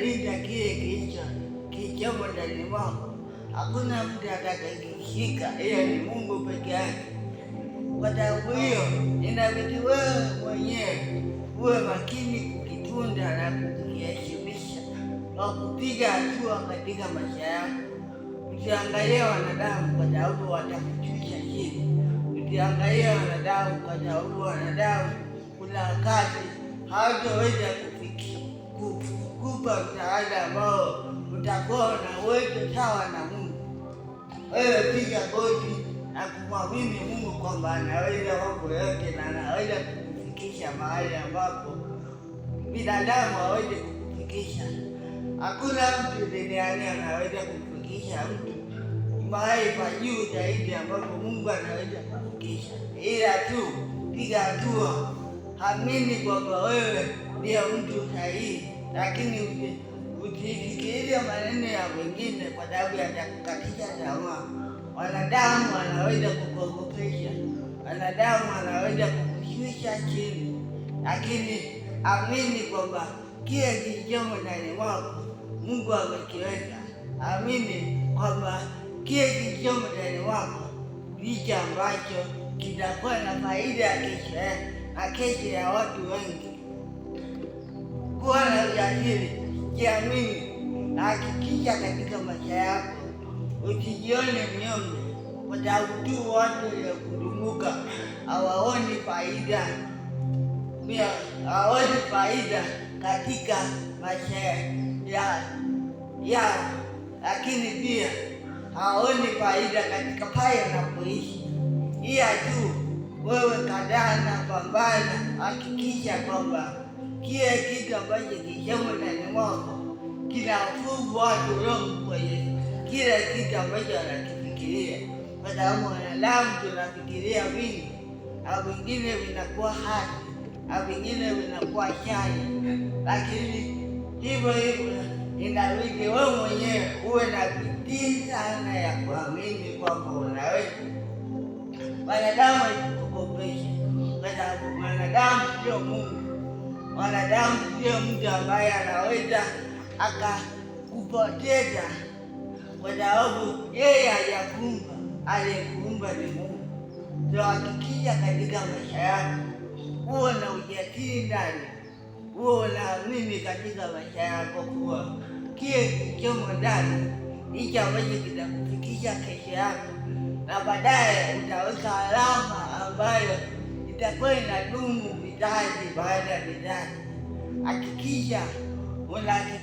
Linda kile kilicho kichomo ndani mwako, hakuna mtu atakayekishika, hiyo ni Mungu peke yake. Kwa sababu hiyo, inabidi wewe mwenyewe uwe makini kukitunda na kukiheshimisha kwa kupiga hatua katika maisha yako. Usiangalie wanadamu kwa sababu watakujulisha chini. Usiangalie wanadamu kwa sababu wanadamu kuna wakati hawataweza kufikia kukupa msaada ambao utakuwa unaweza sawa na Mungu. Wewe piga goti na kumwamini Mungu kwamba anaweza mambo yote na anaweza kukufikisha mahali ambapo binadamu aweze kukufikisha. Hakuna mtu duniani anaweza kumfikisha mtu mahali pa juu zaidi ambapo Mungu anaweza kufikisha ila tu piga hatua hamini kwamba wewe ndiye mtu sahihi, lakini usisikilize maneno ya wengine kwa sababu yatakukatisha tamaa. Wanadamu wanaweza kukuogopesha, wanadamu wanaweza kukushusha chini, lakini amini kwamba kile kilichomo ndani mwako Mungu amekiweka. Amini kwamba kile kilichomo ndani mwako ndicho ambacho kitakuwa na faida ya kesho yako akeje ya watu wengi. Kuwa na ujasiri, jiamini na hakikisha katika maisha yako, usijione mnyonge kwa sababu tu watu waliokuzunguka hawaoni faida pia hawaoni faida katika maisha ya ya, lakini pia hawaoni faida katika pale kuishi ila juu wewe kadana, pambana, hakikisha kwamba kila kitu ambacho kishemo ndani mwako kinafungwa roho kwenye kila kitu ambacho wanakifikiria, kwa sababu wanadamu tunafikiria vingi, a vingine vinakuwa hai a vingine vinakuwa shari, lakini hivyo hivyo inabidi wewe mwenyewe uwe na bidii sana ya kuamini kwamba unaweza wanadamu kuogopesha. Mwanadamu sio Mungu, mwanadamu sio mtu ambaye anaweza akakupoteza, kwa sababu yeye hajakuumba, aliyekuumba ni Mungu. Ndio akikija katika maisha yako huwe na ujasiri ndani, na unaamini katika maisha yako kuwa kile kilichomo ndani hicho ambacho kitakufikisha kesho yako, na baadaye utaweka alama ambayo itakuwa inadumu vizazi baada ya vizazi. Hakikisha unahakikisha